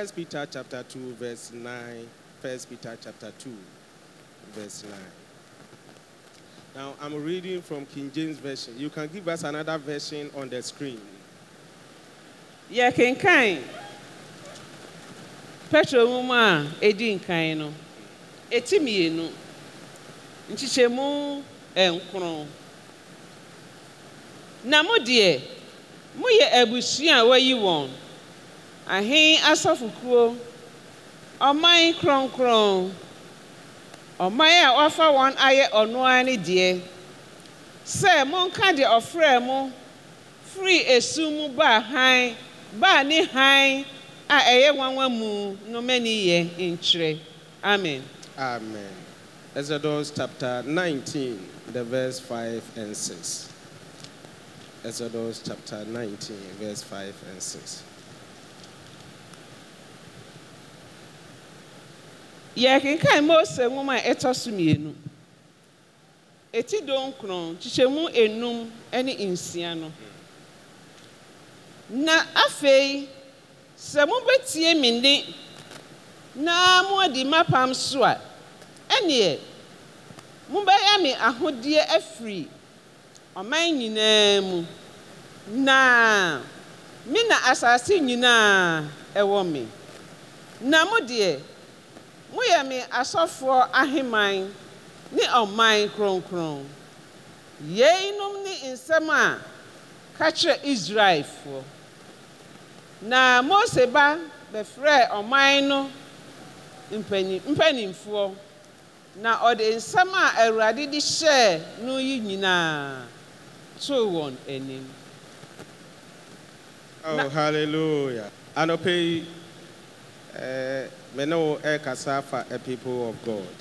First Peter chapter 2 verse 9. First Peter chapter 2 verse 9. Now I'm reading from King James version. You can give us another version on the screen. Yeah, King mu mu a ɛdi nkan no ɛti mmienu nkyekyɛmu nkron na mo deɛ moyɛ abusua a wɔayi wɔn ahen asɔfokuo ɔman kronkron ɔman a wafa wɔn ayɛ ɔnoa ne deɛ sɛ monka deɛ ɔfrɛ mo firi esu mu baa hann baa ne hann a ɛyɛ nwanwa mu no mani yɛ nkyerɛ amen. amen exodus chapter nineteen the verse five and six exodus chapter nineteen verse five and six. yɛkenkan mose nwoma a ɛtɔ so mmienu Eti donkron, nkron kyekyɛmu enum ɛne nsia no na afei sɛ mobɛtie me nne na moadi m'apam so a ɛneɛ mobɛyɛ me ahodeɛ afiri ɔman nyinaa mu na me na asase nyinaa ɛwɔ me na mo deɛ moyɛ me asɔfoɔ aheman ne ɔman kronkron yeinom ne nsɛm a israelfoɔ na mose ba bɛfrɛɛ ɔman no mpanimfoɔ na ɔde nsɛm a awurade de hyɛɛ no yi nyinaa too wɔn anim oh, anɔpɛ yi eh, Menow ne wo ɛrekasa a people of god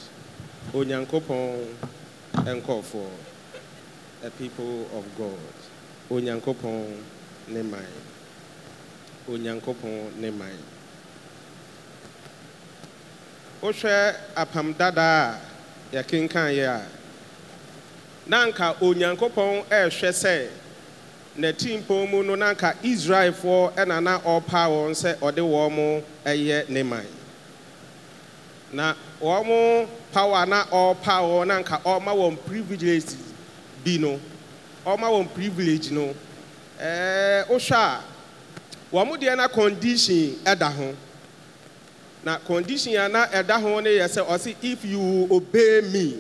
onyankopɔn nkɔɔfoɔ a people of god onyankopɔn ne man onyankopɔn ne man wohwɛ apam dada a yɛkenkaeɛ a nanka anka onyankopɔn ɛrehwɛ sɛ n'atimpɔn mu no na anka israelfoɔ ɛna na ɔrepa wɔn sɛ ɔde wɔn ɛyɛ ne man na wɔn power na ɔrepa wɔn na nka ɔrema wɔn privilege bi no ɔrema wɔn privilege no ɛɛ eh, wohwɛ a wɔn deɛ na condition ɛda ho na condition a na ɛda ho no yɛ sɛ ɔsi if you obey me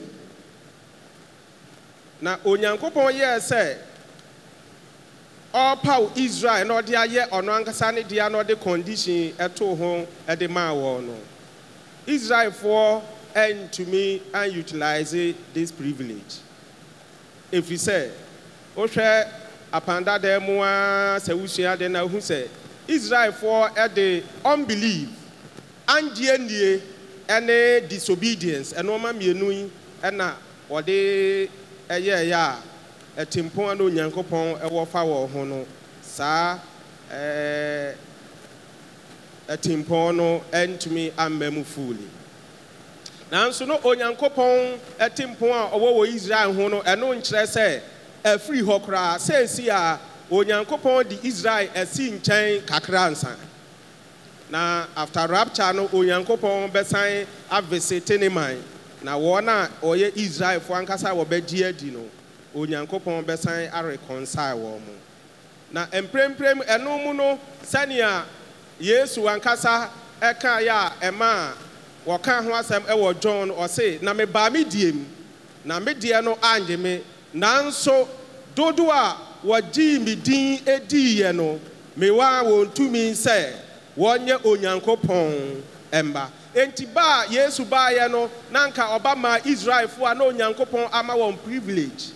na onyankopɔn yɛ sɛ ɔrepaw israel na ɔde ayɛ ɔno ankasa ne deɛ na ɔde condition ɛto ho ɛde e maa wɔn no. Israelfoɔ ntumi anutilize this privilege. Ɛfiri sɛ, wohwɛ apanda dan mu ara sɛ wosua den na wohu sɛ Israelfoɔ de unbelief, andienie ne disobedience, nneɛma mmienu yi na wɔde ɛyɛɛyɛ a ɛte mpɔn a na Onyankopɔn e e e wɔ fa wɔn ho no saa ɛɛɛ. Eh, ɛtempɔn no ɛntumi amma mu fuuli nanso no onyankopɔn ɛtempɔn a ɔwɔ wɔ israel ho no ɛno nkyerɛ sɛ ɛfiri hɔ koraa seesi a onyankopɔn di israel ɛsi nkyɛn kakra nsa na after rapture no onyankopɔn bɛsan avesete ne man na wɔn a ɔyɛ israelfoɔ ankasa wɔbɛgye adi no onyankopɔn bɛsan areconcile wɔn mo na mprempren ɛno mu no sɛnea yesu ankasa ɛka ya a ɛma a wɔka ho asɛm ɛwɔ john ɔse na mebaa me die mu na me deɛ no angye me nanso dodoɔ a wɔgyee me din diiɛ no mewaa wɔn tumi sɛ wɔnyɛ onyankopɔn mba enti baa yesu baeɛ no na anka ɔba maa israelfoɔ a na onyankopɔn ama wɔn privilege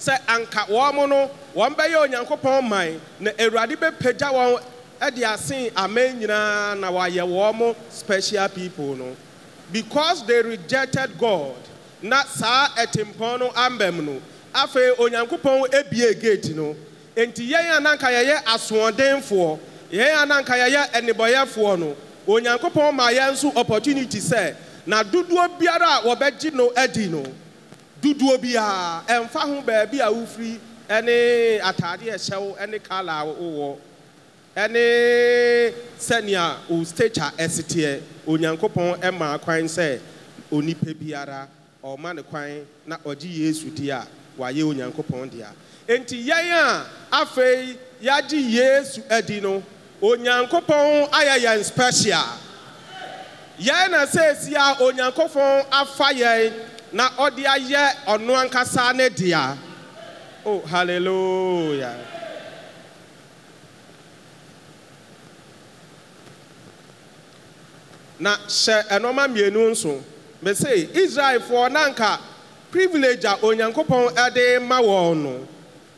sɛ anka wɔn mo no wɔn bɛyɛ onyankopɔn man na awurade bɛpagya wɔn ɛde asin amen nyinaa na wayɛ wɔn mo special people no because they rejected god na saa ɛtempɔn no ambɛm no afei onyankopɔn ebie gate no nti yɛn a nanka yɛyɛ asoɔdenfoɔ yɛn a nanka yɛyɛ ɛnibɔyɛfoɔ no onyankopɔn ma yɛn nso opportunity sɛ na dodoɔ biara a wɔbɛgye no adi no dodoɔ biara ɛmfa ho baabi a wofiri ɛne ataade ɛhyɛw ɛne kala a ɛne sɛnea o stage a ɛseteɛ onyankopɔn ɛma kwan sɛ onipa biara ɔma ne kwan na ɔgye yesu di a wayɛ onyankopɔn dea Nti yɛn a afei yɛagye yesu adi no onyankopɔn ayɛ yɛn special yɛn na seesi a onyankopɔn afa yɛn na ɔde ayɛ ɔno ankasa ne dea oh hallelujah na hyɛ ɛnɔma mmienu nso mese israelfoɔ nanka privilege a onyankopɔn ɛde ma wɔn no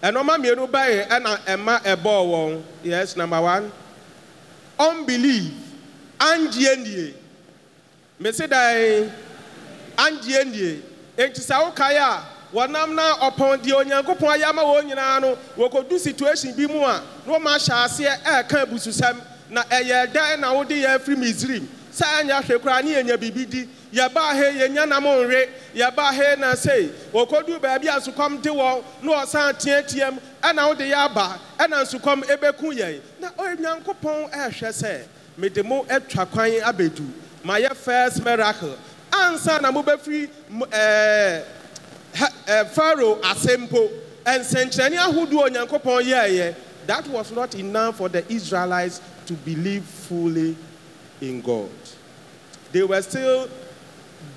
ɛnɔma mmienu bɛyɛ ɛna ɛma ɛbɔɔ wɔn yes number one unbelief angye nie mese dan angye nie nti sɛ wokae a wɔnam na ɔpɔn deɛ onyankopɔn ayɛ ama wɔn nyinaa no wɔkɔdu situation bi mu a na wɔma ahyɛ aseɛ ɛɛka abususɛm na ɛyɛ ɛdɛ na wode yɛ afiri misrim saa yɛnya biribi di yɛnya nam na sei baabi a sukɔm de wɔn na ɔsan ɛna wode yɛ aba ɛna ɛbɛku yɛn na onyankopɔn ɛrehwɛ sɛ mede atwa kwan abɛdu first miracle ansa na mobɛfiri eh, eh, ɛɛ ahodoɔ onyankopɔn yɛɛyɛ that was not enough for the israelites to believe fully in god they were still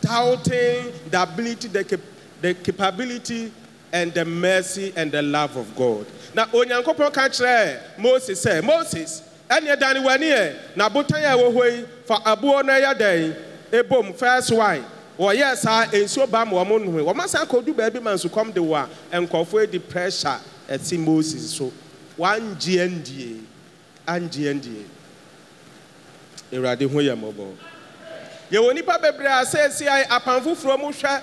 doubting the ability, the, cap- the capability, and the mercy and the love of God. Na onyankopɔn ka kyerɛ Moses said, eh, Moses ɛneɛ dane w'ani ɛ na botan a ɛwɔ hɔ yi fa aboɔ no ɛyɛ dɛn ebom first wine wɔyɛ saa nsuo ba ma wɔn nnome wɔn asan akɔdu baabi ma nsukɔm de wɔ a nkɔfoɔ edi pressure ɛti eh, Moses so one GND, angye GND. ewurade ho yɛ yɛwɔ nnipa bebree a seesie ayɛ apan foforo mu hwɛ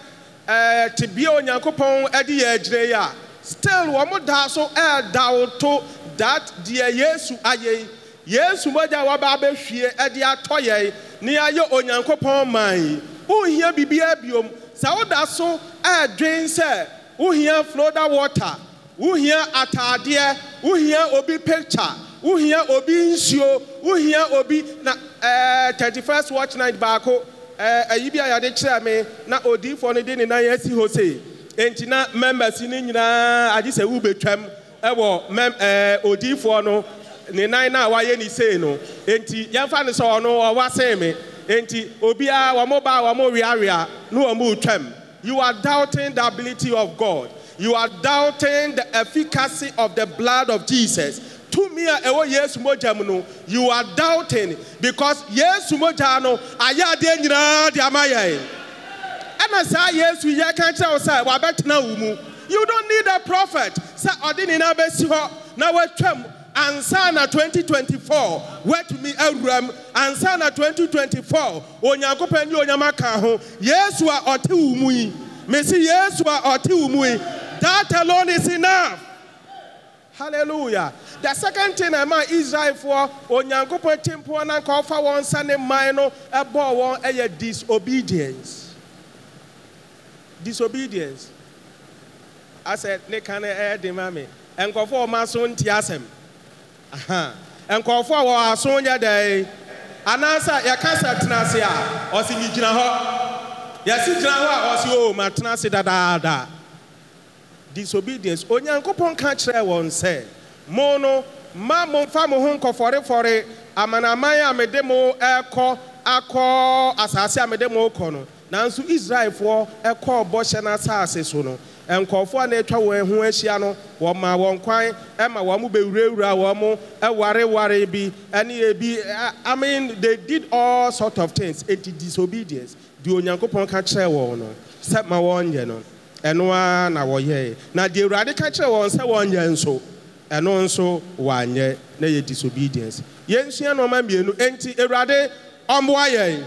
eh, te bia onyankopɔn ɛde yɛ agyina yi a still wɔ mo da so ɛɛda wo to dat deɛ yesu ayei yesu mogya a woabɛ abɛhwie ɛde atɔ yɛe ne yɛyɛ onyankopɔn man yi wohia bibi a biom sɛ woda so aɛdwen sɛ wohia flooda water wohia ataadeɛ wohia obi pikkya wohia obi nsuo wohia obi na 31st eh, watch night baako ɛyi eh, bi a kyerɛ na odiifoɔ no de ne nan asi hɔ enti na members no nyinaa agye sɛ wobɛtwam ɛwɔ mem ɛɛ eh, odiifoɔ no ne nan na wayɛ ne no enti yɛmfa no sɛ ɔno ɔwa me enti obiara wɔn ba wɔn weawea na wɔn you are doubting the ability of God you are doubting the efficacy of the blood of Jesus tumi a ɛwɔ yesu mogya mu no you are doubting because yesu mogya no ayɛ adeɛ nyinaa de ama yɛn ɛna saa yesu yɛ ka kyerɛ wo sɛ wabɛtena wo mu you don't need a prophet sɛ ɔde ne na bɛsi hɔ na watwam ansa na 2024 watumi awuram ansa na 2024 onyankopɔn ne onyama ka ho yesu a ɔte wo mu yi mesi yesu a ɔte wo mu yi that alone is enough hallelujah the secɛnd ti n ɛmaa israelfoɔ onyankopɔn tempo na nka ɔfa wɔn nsɛne man no ɛbɔɔ wɔn ɛyɛ disobedience disobedience asɛ ne oh, ka ne ɛyɛ de ma me nkɔɔfoɔ a ɔmason nti asɛmh ɛnkɔɔfoɔ a wɔ ason yɛdɛɛ anasɛ yɛka sɛ tena ase a ɔse negyina hɔ yɛse gyina hɔ a ɔse wɔoma tena ase dadaadaa disobedience onyankopɔn ka kyerɛɛ wɔn sɛ mo ma momfa nkọ ho nkɔfɔrefɔre amanaman a mede mo ɛkɔ akọ asase a mede na nso no nanso israelfoɔ ɛkɔɔ bɔhyɛ no so no a na atwa wɔn ho ahyia no ma wɔn kwan ma wɔn mo bewurawura wɔn mo ebi bi ebi e e, i mean they did all sort of things eti disobedience onyankopɔn ka kyerɛ na na deɛ awurade ka kyerɛ ɛno nso wanyɛ na yɛ disobedience yɛnsua nneɛma mmienu enti awurade ɔmmoa yɛn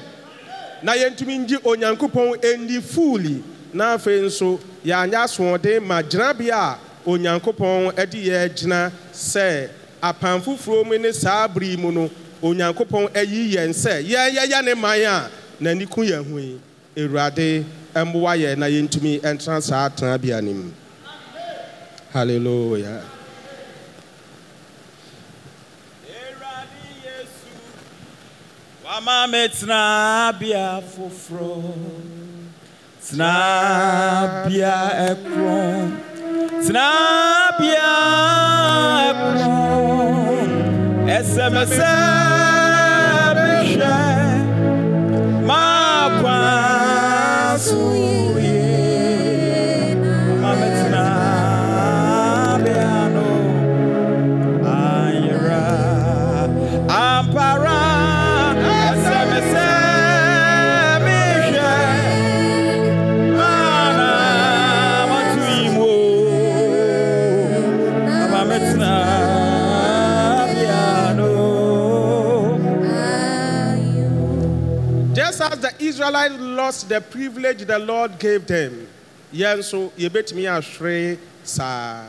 na yɛntumi ngye onyankopɔn ɛnni fuuli na afei nso yɛanyɛ asoɔden ma gyinabea a onyankopɔn ɛde yɛ gyina sɛ apan foforɔ mu ne saa bere mu no onyankopɔn ayi yɛn sɛ yɛyɛyɛ ne man a n'ani ku yɛn ho yi awurade mmoa yɛn na yɛntumi ɛntena saa tenabea no mu hallelujah Mama me tena bia foforo. Tena bia ekron. Tena bia ekron. SMS Ma kwa suye. no. Ampara. Israelites lost the privilege the Lord gave them, yɛn nso yɛbɛtumi ahwere saa.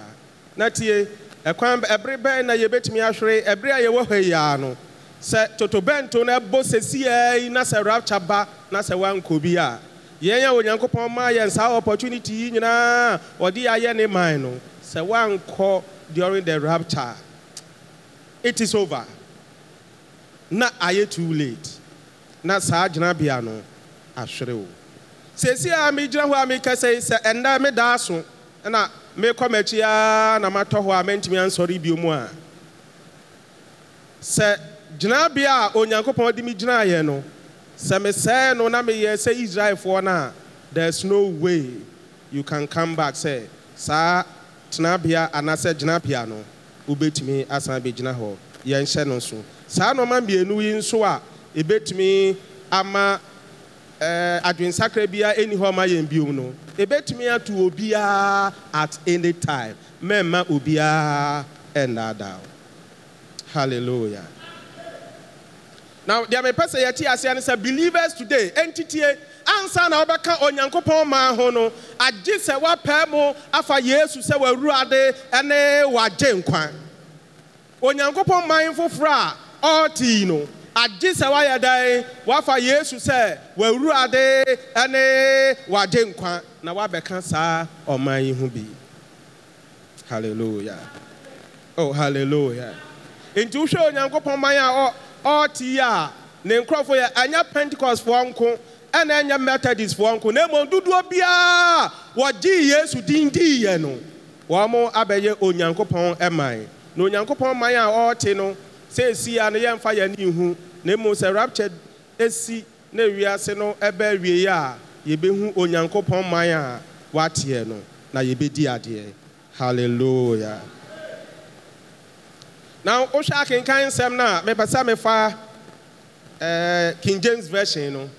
Na tie, ɛkwan ɛbere bɛn na yɛbɛtumi ahwere ɛbere a yɛwɔ hɔ yia no. Sɛ totobɛnto no ɛbɔ sesi yi na sɛ rapture ba na sɛ wankɔ bi a, yɛn a Onyankopɔn maa yɛn saa opportunity yi nyinaa ɔde ayɛ ne man no, sɛ wankɔ during the rapture, it is over. Na ayɛ too late. na saa gyinabea no ahwere o sɛesii a megyina hɔ a mekɛ sɛyi sɛ ɛnnɛ medaa so na mekɔ makyi aa na matɔ hɔ a mɛntumi ansɔre biomu a sɛ gyinabea a onyankopɔn de megyinaeɛ no sɛ mesɛe no na meyɛ sɛ israelfoɔ no a there's no way you kan come back sɛ saa tenabea anasɛ gyina bia no wobɛtumi asan bigyina hɔ yɛnhyɛ no so saa nnoma mmienu yi nso a ɛbɛtumi ama Eh, adwensakra biara ɛni hɔ ma yɛn biom no ɛbɛtumi ato obiara at any time mɛmma obiara ɛnnaadaw hallelujah now deɛ mepɛ sɛ yɛte aseɛ ne sɛ believers today ɛntitie ansa na wobɛka onyankopɔn ma ho no agye sɛ woapɛe mu afa yesu sɛ wawurade ne wagye nkwa onyankopɔn man foforɔ a ɔrte yi no agye sɛ woayɛ dɛn woafa yesu sɛ ade ne w'agye nkwa na woabɛka saa ɔman yi ho bi Hallelujah. oh hallelujah. nti wohwɛ onyankopɔn man a ɔte yi a ne nkurɔfoɔ yɛ ɛnyɛ pentecostfoɔ nko ɛna ɛnyɛ methodistfoɔ nko na mmom dodoɔ biara wɔgye yesu din diiɛ no wɔn abɛyɛ onyankopɔn man na onyankopɔn man a ɔte no seesi a no yɛmfa yɛn ne ihu na mmom sɛ rapture esi na wiase no ɛbɛ wie a yɛbɛhu onyankopɔn man a wateɛ no na yɛbɛdi adeɛ hallelujah na wohwɛ akenkan nsɛm no a mepɛ sɛ mefa ɛɛ eh, king james version no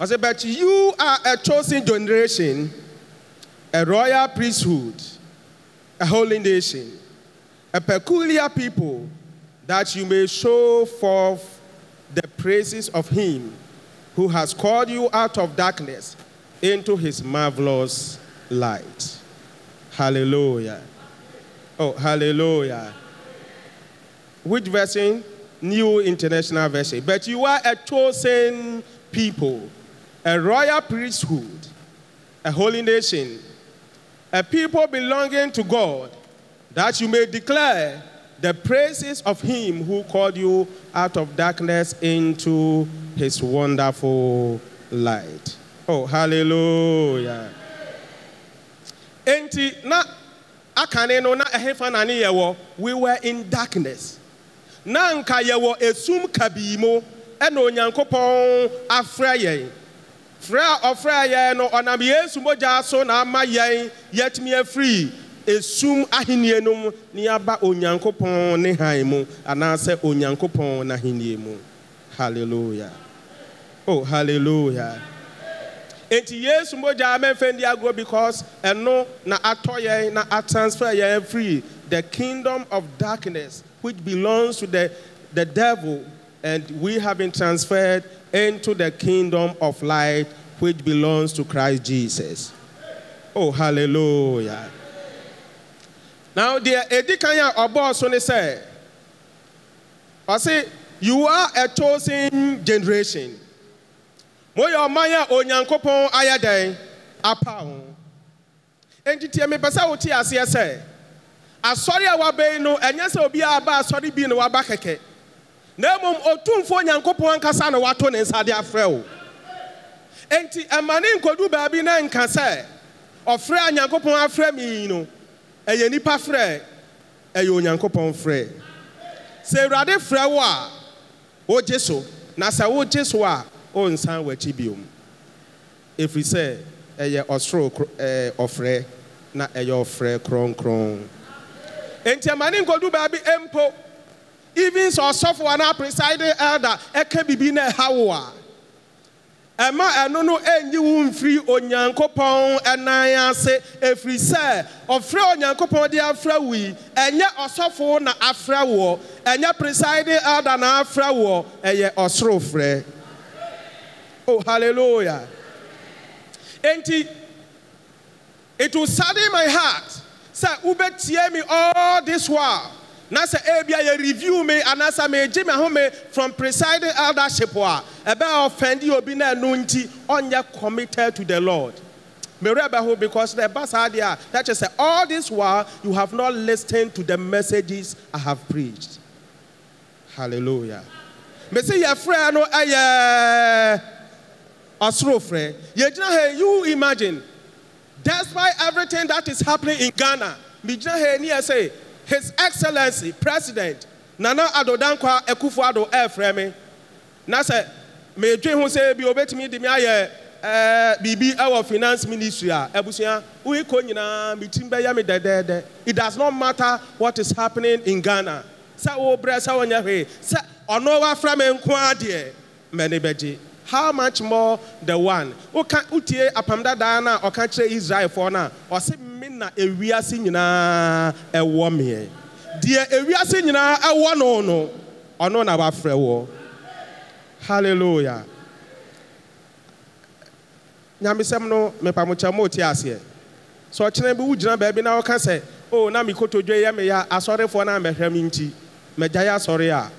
ɔsɛ but you are a chosen generation a royal priesthood a holy nation a peculiar people. that you may show forth the praises of him who has called you out of darkness into his marvelous light. Hallelujah. Oh, hallelujah. Which version? New International Version. But you are a chosen people, a royal priesthood, a holy nation, a people belonging to God, that you may declare the praises of him who called you out of darkness into his wonderful light. Oh, hallelujah. Enti na akane no na ehefa na ne yewo we were in darkness. Na nka yewo esum kabii mu ɛna onyankopɔn afrɛ yɛn. Frɛ a ɔfrɛ yɛn no ɔnam Yesu mogya so na ama yɛn yɛtumi esum ahenni no mu na yɛaba onyankopɔn ne hann mu anaasɛ onyankopɔn mu hallelujah oh hallelujah eti yesu mogya amemfe ndị agorɔ because ɛno na atɔ yɛn na atransfer yɛn free the kingdom of darkness which belongs to the the devil and we have been transferred into the kingdom of light which belongs to Christ Jesus. Oh, hallelujah. Now, the edi kan a ɔbɔɔ so you are a chosen generation. Moyɛ ɔman a onyankopɔn ayɛ dɛn apa ho. Enti tie mi pɛsɛ wote aseɛ sɛ, asɔre a no, ɛnyɛ sɛ obiara aba asɔre bi na wabakeke. kɛkɛ. Na mmom, otumfuo nyankopɔn ankasa na wato ne nsa de afrɛ wo. Enti ɛma ne nkodu baabi na nka sɛ, ɔfrɛ a nyankopɔn ɛyɛ nipa frɛ ɛyɛ onyankopɔn frɛ sɛ awurade frɛ wo a wogye so na sɛ wogye so a wonsan w'akyi biom ɛfiri sɛ ɛyɛ ɔsoro ɛɛ ɔfrɛ na ɛyɛ ɔfrɛ kronkron nti ɛma ne nkodu baabi mpo even sɛ ɔsɔfo na presiding elder ɛka bibi na ɛha wo a ɛma ɛno no ɛnyi wo mfiri onyankopɔn ɛnan ase ɛfiri sɛ ɔfrɛ onyankopɔn de afra wo yi ɛnyɛ ɔsɔfo na afra woɔ ɛnyɛ presiding elder na afra woɔ ɛyɛ ɔsoro frɛ oh hallelujah enti it will sadden my heart sɛ wobɛtie me all this while na sɛ ebia yɛ review me anaasɛ megye me ahome from presiding eldership a ɛbɛyɛ ɔfɛndi obi na ɛno nti ɔnyɛ committed to the lord mmerɛ bɛho because the ɛba saa deɛ a that is all this while you have not listened to the messages i have preached hallelujah mesi yɛfrɛ no ɛyɛ eh, ɔsoro frɛ yɛgyina ha you imagine despite everything that is happening in ghana megyina ha ni His Excellency President Nana Addo Dankwa Akufo-Addo ɛɛfrɛ me na sɛ meedwe ho sɛ bi obetumi de me ayɛ ɛɛ biribi ɛwɔ finance ministry a abusua woyi ko nyinaa metim bɛyɛ me dɛdɛɛdɛ it does not matter what is happening in Ghana sɛ wobrɛ sɛ wonyɛ hwee sɛ ɔno wafra me nko adeɛ mɛne bɛgye. how much more the one woka wotie apam dadaa no a ɔka kyerɛ israelfoɔ na a ɔse na ewiase nyinaa ɛwɔ meɛ deɛ ewiase nyinaa ɛwɔ no no ɔno na wafrɛ wɔ hallelujah nyamesɛm no mepamokyɛ mo te aseɛ sɛ ɔkyena bi wogyina baabi na woka sɛ o oh, na mekotodwe yɛ meyɛ asɔrefoɔ no a mɛhwɛ me nti magyae asɔre a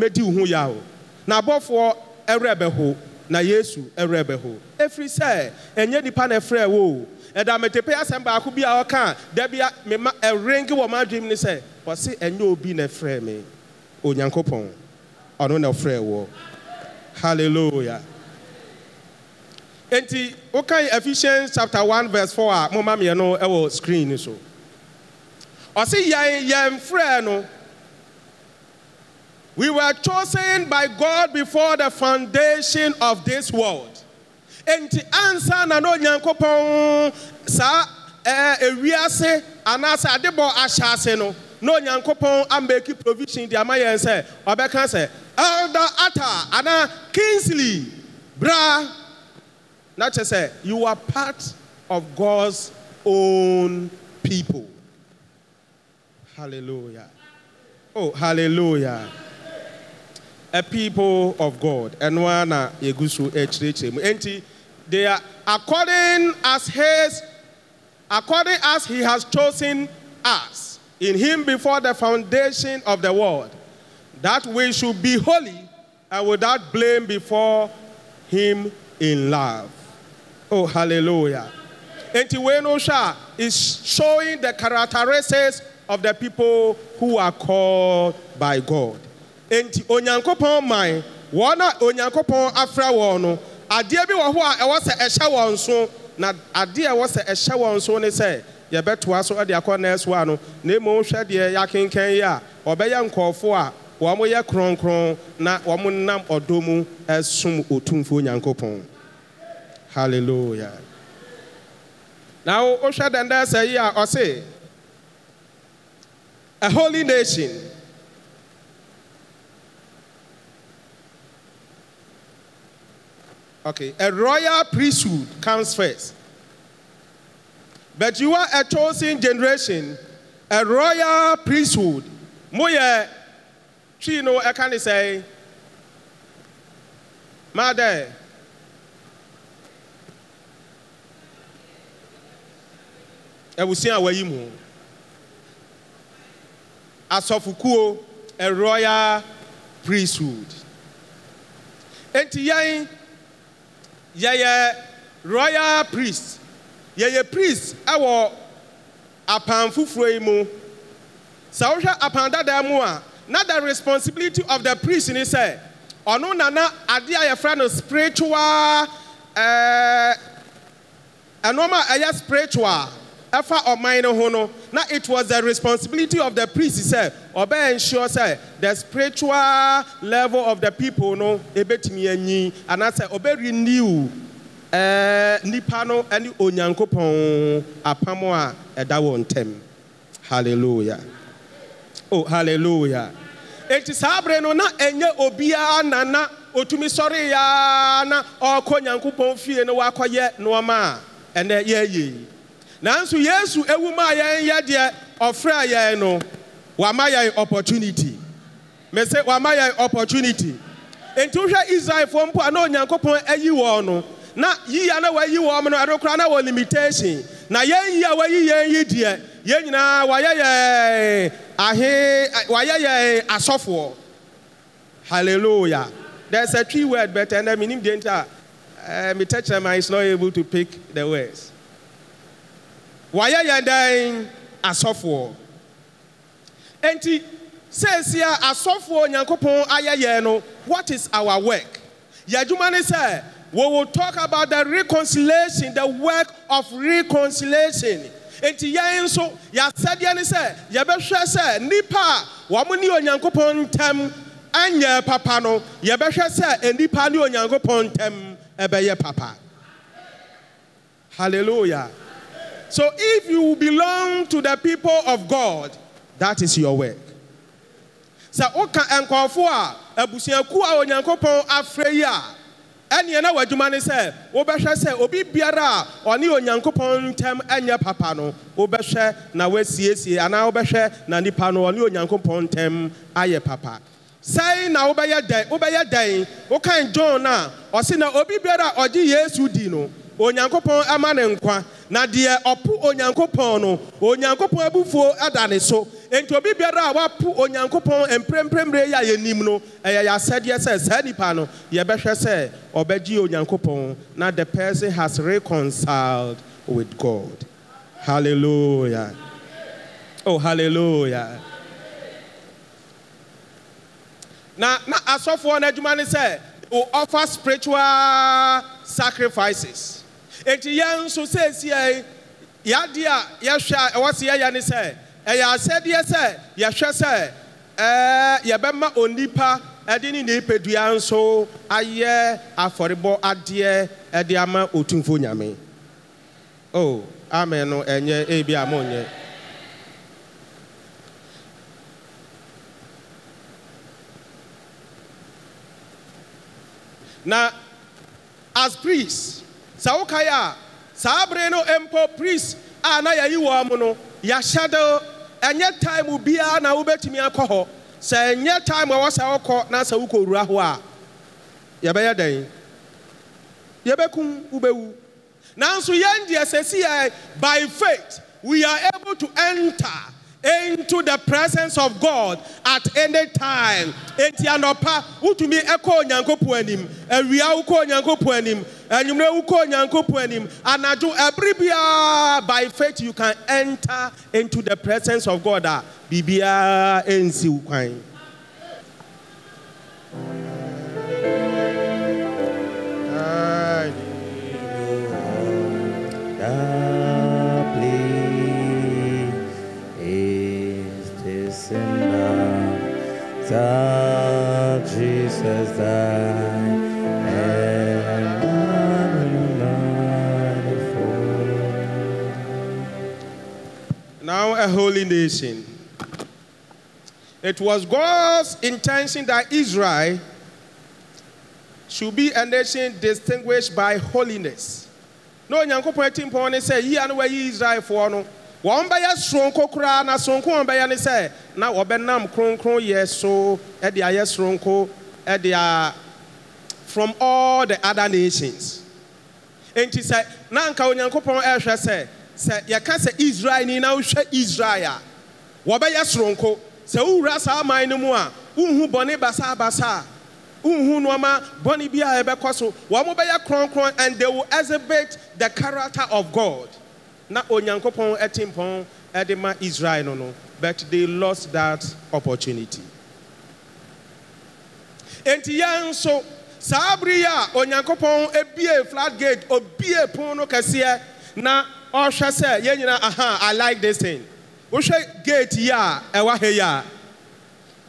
mɛdi wo ho yɛ o na abɔfoɔ ɛwerɛ na yesu ɛwerɛ bɛho ɛfiri sɛ ɛnyɛ nipa na ɛfrɛ wo o ɛda metepe asɛm baako bi a ɔka da bi a mema ɛrenke wɔ m'adwene mu ne sɛ ɔse ɛnyɛ obi na ɛfrɛ me onyankopɔn ɔno na ɛfrɛ wo hallelujah enti wokan ephesians chapter one verse four a mo ma mmienu ɛwɔ screen so ɔse yɛn yɛn frɛ no. We were chosen by God before the foundation of this world. And the answer, na no Nyankopɔn sa eh ewiase anasa adebɔ ahyase no No Nyankopɔn ameki provision de ama yɛn sɛ ɔbɛka sɛ Elder Atta ana Kingsley bra na kyerɛ sɛ you are part of God's own people. Hallelujah. Oh, hallelujah a people of God. And one uh, yegusu echirichiri mu. Enti they are according as his according as he has chosen us in him before the foundation of the world that we should be holy and without blame before him in love. Oh hallelujah. Enti wenosha is showing the characteristics of the people who are called by God. enti onyankopɔn man wɔn a onyankopɔn afra wɔn no adeɛ bi wɔ hɔ a ɛwɔ sɛ ɛhyɛ wɔn so na adeɛ ɛwɔ sɛ ɛhyɛ wɔn so ne sɛ yɛbɛtoa so de akɔ next one no na mmom hwɛ deɛ yakenken yi a ɔbɛyɛ nkɔɔfo a wɔn yɛ kronkron na wɔn nam ɔdɔ mu ɛsom otumfuo onyankopɔn. hallelujah na wohwɛ dɛndɛn sɛ yi a ɔse a holy nation Okay, a royal priesthood comes first. But you are a chosen generation, a royal priesthood. Moye, Chino, I can say, Mother. Ewusia wayi mu. Asɔfokuo, a royal priesthood. Enti yɛn yɛyɛ royal priest yɛyɛ priest ɛwɔ apan foforɔ yi mu sɛ wohwɛ apan dada mu a na the responsibility of the priest ni sɛ ɔno na na adeɛ a yɛfrɛ no spiritual ɛɛ ɛnɔɔma ɛyɛ spiritual. ɛfa ɔman no ho no na it was the responsibility of the priest sɛ ɔbɛnsure sɛ the spiritual level of the people no ɛbɛtumi anyi anaasɛ ɔbɛreniw eh, nnipa no ɛne onyankopɔn apamu a ɛda wɔ ntam halleluia oh, halleluia enti saa bere no na ɛnyɛ obiara nana ɔtumi sɔreyara na ɔɔkɔ onyankopɔn fie no waakɔyɛ nnoɔma a ɛnɛ yɛyee nanso yesu ɛwu maa yɛn yɛ deɛ ɔfrɛ yɛn no wama yɛn opportunity me se wama yɛn opportunity enti wo hwɛ israelfɔ mpo a na onyankopɔn ayi wɔ no na yiya na wayi wɔ m no ɛde kora no wɔ limitation na yɛn yiea wɔayi yɛn yi deɛ yɛn nyinaa yɛɛ aewayɛ yɛn asɔfoɔ halleluja ther sɛte word butndɛ menimdeɛ uh, eh, nti a metakyrɛma is no able to pick the word wɔayɛ yɛn dɛn asɔfoɔ enti seesia asɔfoɔ nyankopɔn ayɛ yɛn no what is our work yɛ ne sɛ we will talk about the reconciliation the work of reconciliation enti yɛn nso yɛasɛdeɛ ne sɛ yɛbɛhwɛ sɛ nnipa a wɔn ne onyankopɔn ntam anyɛ papa no yɛbɛhwɛ sɛ nnipa ne onyankopɔn ntam ɛbɛyɛ papa hallelujah. So if you belong to the people of God, that is your work. Sɛ woka nkɔɔfo a abusuakuo a onyankopɔn afrɛ yi a ɛneɛ na w'adwuma ne sɛ wobɛhwɛ sɛ obi biara a ɔne onyankopɔn ntam ɛnyɛ papa no wobɛhwɛ na woasiesie anaa wobɛhwɛ na nipa no ɔne onyankopɔn ntam ayɛ papa sɛe na wobɛyɛ dɛn wobɛyɛ dɛn wokan john a ɔse na obi biara a ɔgye yesu di no onyankopɔn ama ne nkwa na deɛ ɔpo onyankopɔn no onyankopɔn abufuo ada ne so enti obi biara a wapo onyankopɔn mprempremre yi a yɛnim no ɛyɛ yɛasɛdeɛ sɛ saa nnipa no yɛbɛhwɛ sɛ ɔbɛgye onyankopɔn na the person has reconciled with god hallelujah oh hallelujah na na asɔfoɔ no adwuma ne sɛ offer spiritual sacrifices eti yɛn nso seesie yadi a yɛhwɛ a ɛwɔ ya yɛyɛ ne sɛ ɛyɛ asɛdeɛ sɛ yɛhwɛ sɛ ɛɛ yɛbɛma onipa ɛde ne nipedua nso ayɛ afɔrebɔ adeɛ ɛde ama otumfo nyame o oh, amen no ɛnyɛ ebi a mo nyɛ. na as priests saa wokae a saa bere no mpo priest a na yɛyi wɔ mu no yɛahyɛde ɛnyɛ time biara na wobɛtumi akɔ hɔ sɛ ɛnyɛ time a ɛwɔ sɛ wokɔ na sɛ wokɔwura hɔ a yɛbɛyɛ dɛn yɛbɛkum wobɛwu nanso yɛn deɛ si yɛ by faith we are able to enter into the presence of God at any time. Enti anopa utumi eko nyankopon anim, ewia uko nyankopon anim, enyumre uko nyankopon anim. Anadwo ebribia by faith you can enter into the presence of God. Ah, bibia enzi ukwan. Now a holy nation. It was God's intention that Israel should be a nation distinguished by holiness. No, nyankopɔn atimpɔn ne sɛ yi a no wɔayi Israelfoɔ no wɔn bɛyɛ soronko koraa na soronko wɔn bɛyɛ ne sɛ na wɔbɛnam kronkron yɛ so de ayɛ soronko de a from all the other nations nti sɛ na anka onyankopɔn ɛrehwɛ sɛ sɛ yɛka sɛ israel ni na wohwɛ israel a wɔbɛyɛ soronko sɛ wowura saa aman no mu a wonhu bɔne basabasa a wonhu nneɛma bɔne bi a ɛbɛkɔ so wɔn bɛyɛ kronkron and they will exhibit the character of god na onyankopɔn ɛte mpɔn ɛde ma israel no no but they lost that opportunity enti yɛn nso saa abiri yi a onyankopɔn ebie floodgate obie pon no kɛseɛ na ɔhwɛ sɛ yɛn nyinaa aha i like this thing wohwɛ gate yi a ɛwɔ ha yi a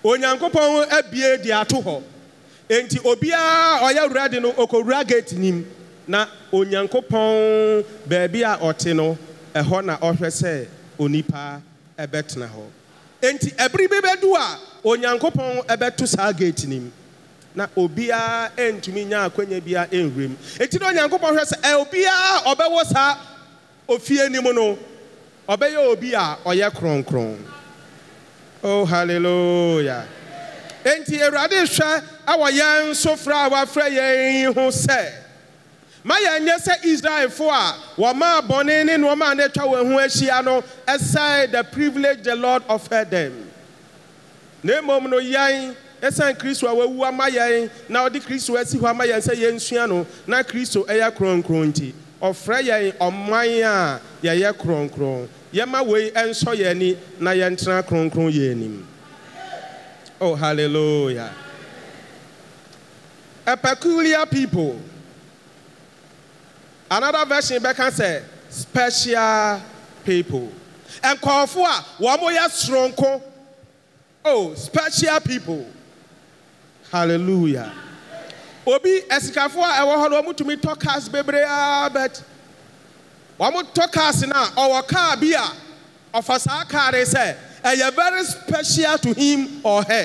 onyankopɔn abie de ato hɔ enti obiara ɔyɛ wura de no okowura gate nim na onyankopɔn baabi a ɔte no ɛhɔ na ɔhwɛ sɛ onipa ɛbɛtena hɔ enti ɛbiri bi bɛdu a onyankopɔn ɛbɛto saa gate nim na obiara ntumi nya akɔnya biara nwuram eti na onyankopɔn hwɛ sɛ ɛ obiara ɔbɛwɔ saa ofie nim no ɔbɛyɛ obi a ɔyɛ kronkron oh hallelujah enti awurade hwɛ awɔ yɛn nso fra a wafrɛ yɛn ho sɛ. ma yɛnyɛ sɛ israelfoɔ a wɔmaa bɔne ne nneɔma a no atwa wɔn ho ahyia no ɛsɛe the privilege the lord offered them ne mmom no yɛn ɛsiane kristo a wawu ama yɛn na ɔde kristo asi hɔ ama yɛn sɛ yɛnsua no na kristo ɛyɛ kronkron nti ɔfrɛ yɛn ɔman a yɛyɛ kronkron yɛma wei ɛnsɔ yɛn ani na yɛntena kronkron yɛn anim oh hallelujah a peculiar people another version bɛka sɛ special people ɛnkɔɔfo a wa mo yɛ soronko o oh, special people halleluia obi asikafo a ɛwɔ hɔ no wɔmotumi tɔcas bebree a bɛt wamo tɔcas no ɔwɔ kar bi a ɔfa saa karde sɛ ɛyɛ very special to him or ha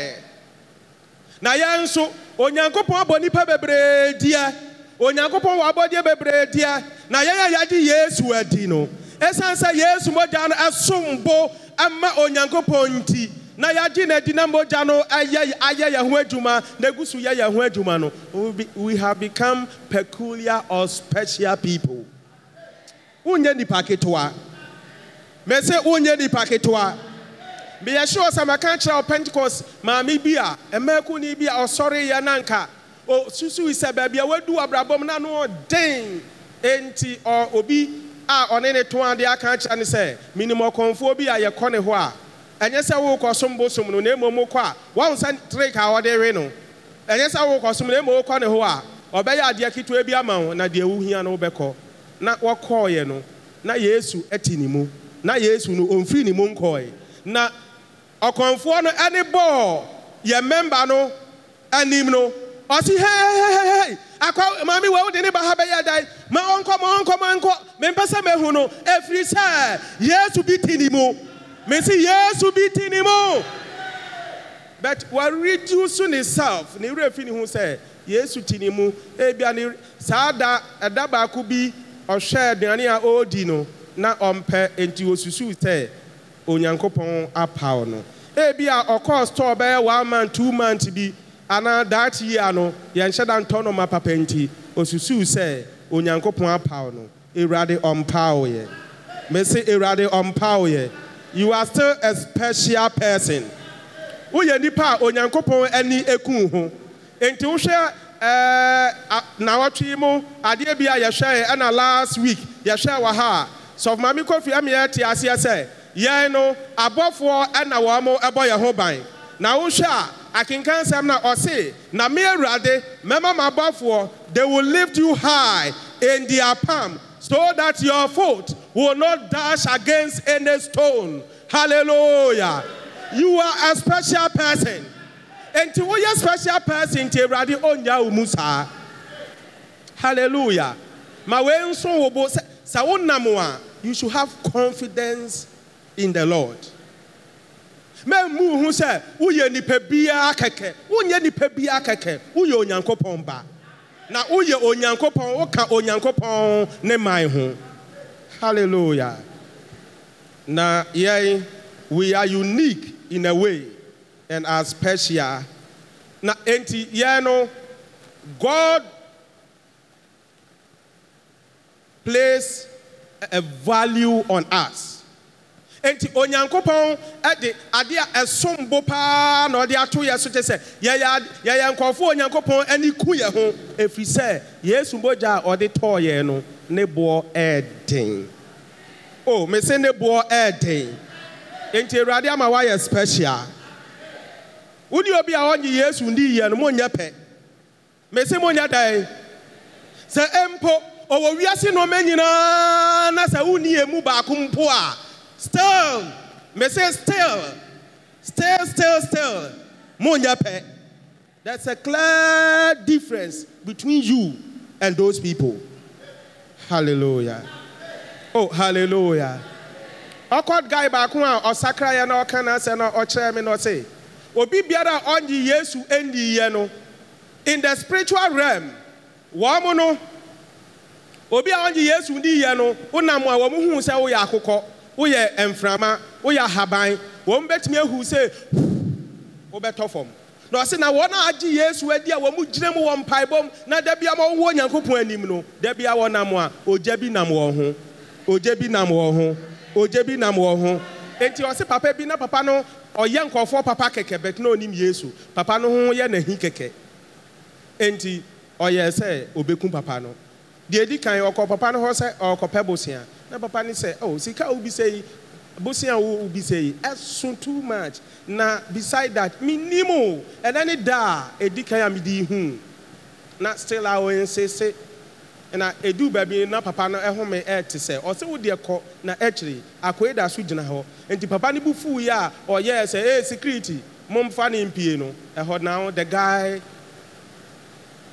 na yɛ nso onyankopɔn a bɔ nipa bebree diɛ onyankopɔn wɔ abɔdeɛ bebree deɛ na yɛn a yesu adi no ɛsiane sɛ yesu mogya no ɛsom bo ɛma onyankopɔn nti na yɛagye no adi na mogya no ɛyɛ ayɛ yɛn ho adwuma na egu so yɛ yɛn ho adwuma no we have become peculiar or special people wonyɛ nipa ketewa mɛsɛ wonyɛ nipa ketewa meyɛ sure sɛ mɛka kyerɛ wo pentecost maame bi a mmaako ni bi a ɔsɔre yɛ nanka susu sɛ baabi a wadu abrabɔm na no ɔden nti obi a ɔne ne to adeɛ aka akyerɛ ne sɛ minim bi a yɛkɔ ne hɔ a ɛnyɛ sɛ wokɔ som bosom no na mmom wokɔ a woahu sɛ trek a wɔde we no ɛnyɛ sɛ wokɔ som na mmom wokɔ ne hɔ a ɔbɛyɛ adeɛ ketewa bi ama wo na deɛ wohia no wobɛkɔ na wɔkɔɔeɛ no na yesu ɛte ne mu na yesu no ɔmfiri ne mu nkɔɔe na ɔkɔmfoɔ no ɛne bɔɔ yɛ memba no anim no ɔse he akaw ma me wawo de ne ba ha bɛyɛ dan ma ɔnkɔm ɔnkɔma nkɔ mempɛ sɛ mɛhu no ɛfiri sɛ yesu bi tini mu mensi yesu bi teni mu but woreduw so ne self ne werɛ fi ne hu sɛ yesu tini mu ebia n saa da ɛda baako bi ɔhwɛɛ duane a ɔedi no na ɔmpɛ enti ɔsusuwi sɛ onyankopɔn apaw no ebia ɔcɔɔ stɔɔ ɔbɛyɛ man 2mont bi anaa daakye yi ano yɛnhyɛ da ntɔ no ma papa nti osusuw sɛ onyankopɔn apaw no awurade ɔmpaw yɛ mesi awurade ɔmpaw yɛ you are still a special person woyɛ nipa a onyankopɔn ani eku ho nti wohwɛ ɛɛ eh, nawɔtwe mu adeɛ bi a yɛhwɛ ɛna last week yɛhwɛ wɔ ha a sɔfumami kofi ɛmiyɛ te aseɛ sɛ yɛn no abɔfoɔ ɛna wɔn ɛbɔ yɛn ho ban na wohwɛ a. akenkan sɛm na ɔse na me awurade mɛma m'abɔfoɔ they will lift you high in their palm so that your foot will not dash against any stone hallelujah you are a special person nti woyɛ special person nti awurade ɔnya wo mu saa hallelujah ma wei nso wo bo sɛ sɛ wonam a you should have confidence in the lord memmu hu sɛ woyɛ nnipa biara keke wonyɛ nnipa biara kɛkɛ woyɛ onyankopɔn ba na woyɛ onyankopɔn woka onyankopɔn ne man hallelujah na yɛn we are unique in a way and are special na nti yɛn no god place a value on us nti onyankopɔn de adeɛ a ɛsom bo paa na ɔde ato yɛ so kyɛ sɛ yɛyɛ yɛyɛ nkɔfoɔ onyankopɔn ani ku yɛ ho ɛfiri sɛ yesu mogya a ɔde tɔɔ yɛn no ne boɔ ɛɛden o mese ne boɔ ɛɛden nti awurade ama woayɛ special wone obi a ɔnye yesu ndi yɛ no monyɛ pɛ mese monyɛ dɛn sɛ mpo ɔwɔ wiase nnoɔma nyinaa na sɛ wonni emu baako mpo a Still, me say still, still, still, still. Munyape. is a clear difference between you and those people. Hallelujah. Oh, hallelujah. Awkward guy back one or sakra ya na kana se na ochre me na say. Obi biara onyi Yesu endi ye no. In the spiritual realm, wa mo no obi a onyi Yesu ndi ye no, unam a wo mu hu se wo ya woyɛ mframa woyɛ ahaban wɔn bɛtumi ehu sɛ wobɛtɔ fam na ɔsi na wɔn a agye yesu adi a wɔn mu gyina mu wɔ mpaebom na dabi ama wɔwɔ nyankopɔn anim no dabi a wɔnam a ogya bi nam wɔn ho ogya bi nam wɔn ho ogya bi nam wɔn ho eti ɔsi papa bi na papa no ɔyɛ nkɔfoɔ papa kɛkɛ bɛt na onim yesu papa no ho yɛ n'ahi kɛkɛ eti ɔyɛ sɛ obeku papa no deɛ edi kan ɔkɔ papa no hɔ sɛ ɔkɔpɛ bosia. na papa ne sɛ oh, sika wobisɛ yi bosea wo wobisɛ yi ɛso too much na beside that mennim o ɛnɛ ne da a ɛdi kan a mede y huu na still a woɛ sese na ɛduru baabi na papa no ɛhome ɛɛte sɛ ɔse wodeɛ kɔ na ɛkyirie akoi da so gyina hɔ ɛnti papa no bufuu yi a ɔyɛɛ sɛ eh, sikriti momfa ne mpie no ɛhɔnawo the guy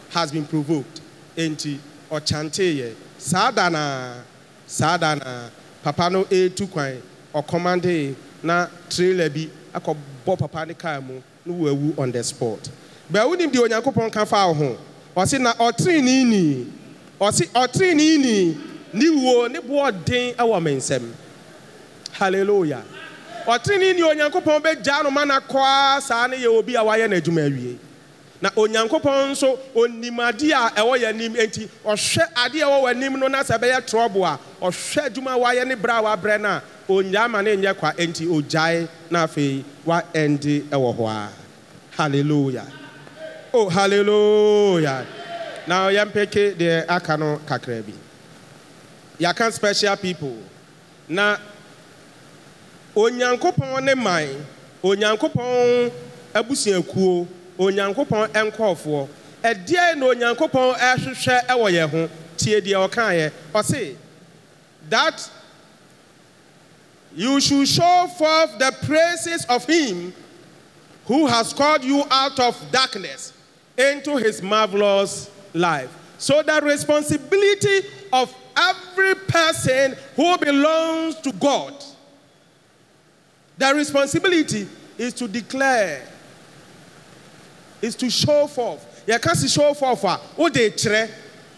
has been provoked ɛnti ɔkyanteeyɛ saa da naa saa da na papa no ɛretu kwan ɔkɔmande na trailer bi akɔbɔ papa ne kaa mu na wawu on the spot baawu nim deɛ onyankopɔn ka fa wo ho ɔse na ɔtrene ni ɔse ɔtrene ni ne wuo ne boɔ den wɔ me nsɛm hallelujah ɔtrene ni onyankopɔn bɛgyaa no ma na kɔa saa ne yɛ obi a wayɛ n'adwuma awie na onyankopɔn nso onimade a ɛwɔ yɛ anim enti ɔhwɛ adeɛ ɛ wɔ w' anim no na sɛ ɛbɛyɛ trɔbo a ɔhwɛ adwuma wayɛ ne berɛ a wa brɛ n a ɔnyama ne nyɛ kwa ɛnti ogyae na afei wa ɛnde wɔ hɔ ara halleluya o oh, halleluia na yɛmpɛke deɛ aka no kakraa bi yɛaka special people na onyankopɔn ne mae onyankopɔn abusuakuo onyankopɔn nkɔɔfoɔ ɛdeɛ na onyankopɔn ɛwɔ yɛn ho tie deɛ ɔkaeɛ ɔse that you should show forth the praises of him who has called you out of darkness into his marvelous life. So the responsibility of every person who belongs to God, the responsibility is to declare is to show forth yɛka si show forth a wode kyerɛ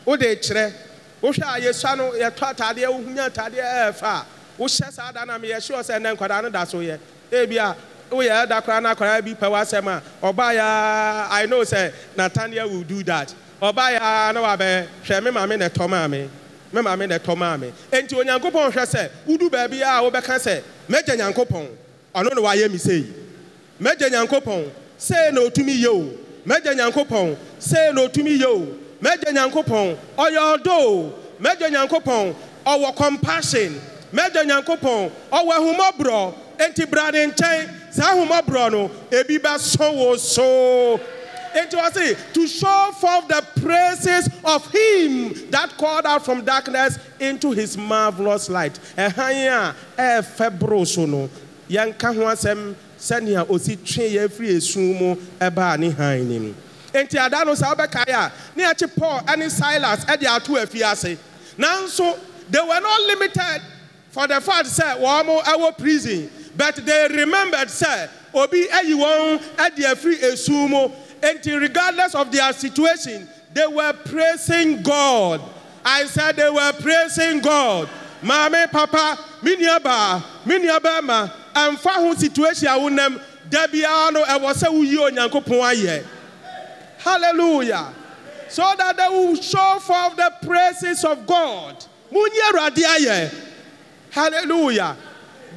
wode kyerɛ wohwɛ a yɛsua no yɛtɔ ataadeɛ wohunya ataadeɛ ɛɛfa a wohyɛ saa da na meyɛ sure sɛ ɛnɛ nkwadaa no da so yɛ ebi a woyɛ ɛda koraa na akwadaa bi pɛ w'asɛm a ɔbaa yɛ i know sɛ ah. nathaniel will do that ɔbaa yɛ na wabɛ hwɛ me maame na ɛtɔ maame me maame na ɛtɔ maame enti onyankopɔn hwɛ sɛ wudu baabi a wobɛka sɛ mɛgya nyankopɔn ɔno na wayɛ mi sɛ yi mɛgya nyankopɔn say no to me yo mɛgya nyankopɔn Say no to me, yo. mɛgya nyankopɔn oyo do o mɛgya nyankopɔn ɔwɔ compassion mɛgya nyankopɔn ɔwɔ ahomɔborɔ enti brade nkyɛn saa ahomɔborɔ no ebi so wo so enti wɔ to show forth the praises of him that called out from darkness into his marvellous light Ehanya e febro boro so no yɛnka ho sɛnea ɔsi tweyɛn afiri ɛsum mu ɛbaa ne han ni m enti ada no saa wobɛkaɛ a ne ɛkye paul ɛne silas ɛde ato afie ase nanso de wer nɔ limited for the fat sɛ wɔ mo ɛwɔ prison but dey remembered sɛ obi ayi wɔn ɛde afiri ɛsum mu enti regardless of their situation dey wer praising god i sɛ dey wer praising god maa me papa menua baa menua baama ɛmfa ho situation a wonam da biara no ɛwɔ sɛ woyi onyankopɔn ayɛ hallelujah so that they will show forth the praises of god munyi awurade ayɛ hallelujah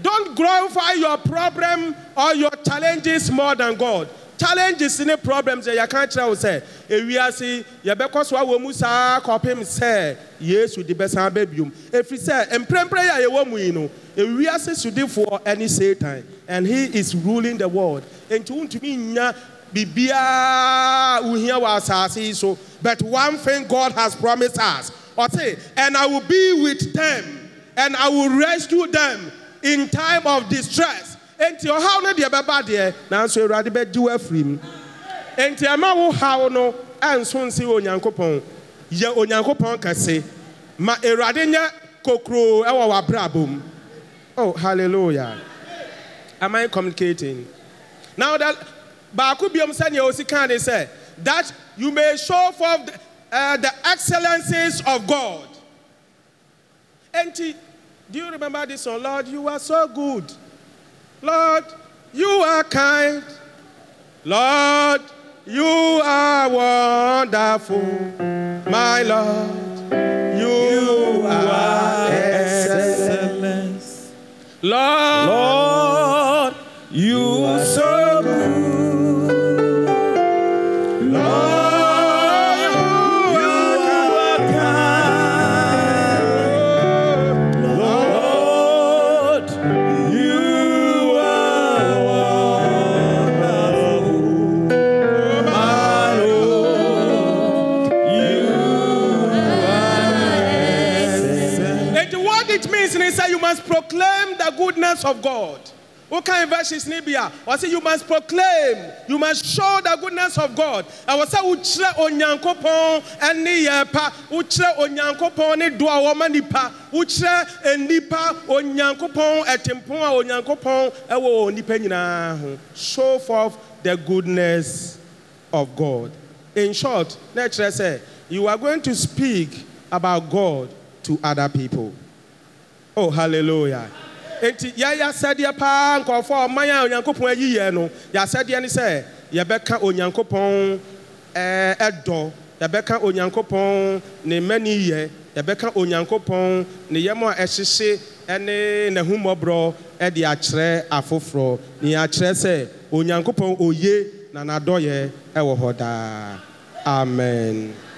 don't glorify your problem or your challenges more than god challenges ne problems yɛ yɛka kyerɛ wo sɛ ewiase yɛbɛkɔ so awɔ mu saa kɔpem sɛ yesu de bɛsan bɛbiom ɛfiri sɛ mprɛmprɛ yɛ a yɛwɔ mu yi no ewiase sodifoɔ ɛne satan and he is ruling the world nti wuntumi nya biribiara wuhia wɔ asaase yi so but one thing God has promised us ɔte and I will be with them and I will rescue them in time of distress nti ɔhaw no deɛ bɛba deɛ nanso awurade bɛgye wo afiri mu nti ɛma wo haw no ɛnso nsi onyankopɔn yɛ onyankopɔn kɛse ma awurade nyɛ kokoro ɛwɔ w'abrabɔ mu. Oh, hallelujah. Am I communicating? Now that Baku said, that you may show forth the, uh, the excellencies of God. And do you remember this song? Lord, you are so good. Lord, you are kind. Lord, you are wonderful. My Lord, you, you are excellent. Lord, Lord you, you house of God. what kind of verses? nibia? I say you must proclaim, you must show the goodness of God. I was say uchre onyankopon eni yepa, uchre onyankopon ni dua woma nipa, uchre enipa onyankopon etempon a onyankopon ewo nipa nyinaa Show forth the goodness of God. In short, us say you are going to speak about God to other people. Oh, hallelujah. nti yɛyɛ asɛdeɛ paa nkɔɔfoɔ a ɔman a onyankopɔn ayi yɛ no yɛ asɛdeɛ ne sɛ yɛbɛka onyankopɔn ɛdɔ yɛbɛka onyankopɔn ne mmani yɛ yɛbɛka onyankopɔn ne yɛm a ɛhyehye ne n'ahummɔborɔ de akyerɛ afoforɔ ne yɛakyerɛ sɛ onyankopɔn oye na n'adɔyɛ ɛwɔ hɔ daa amen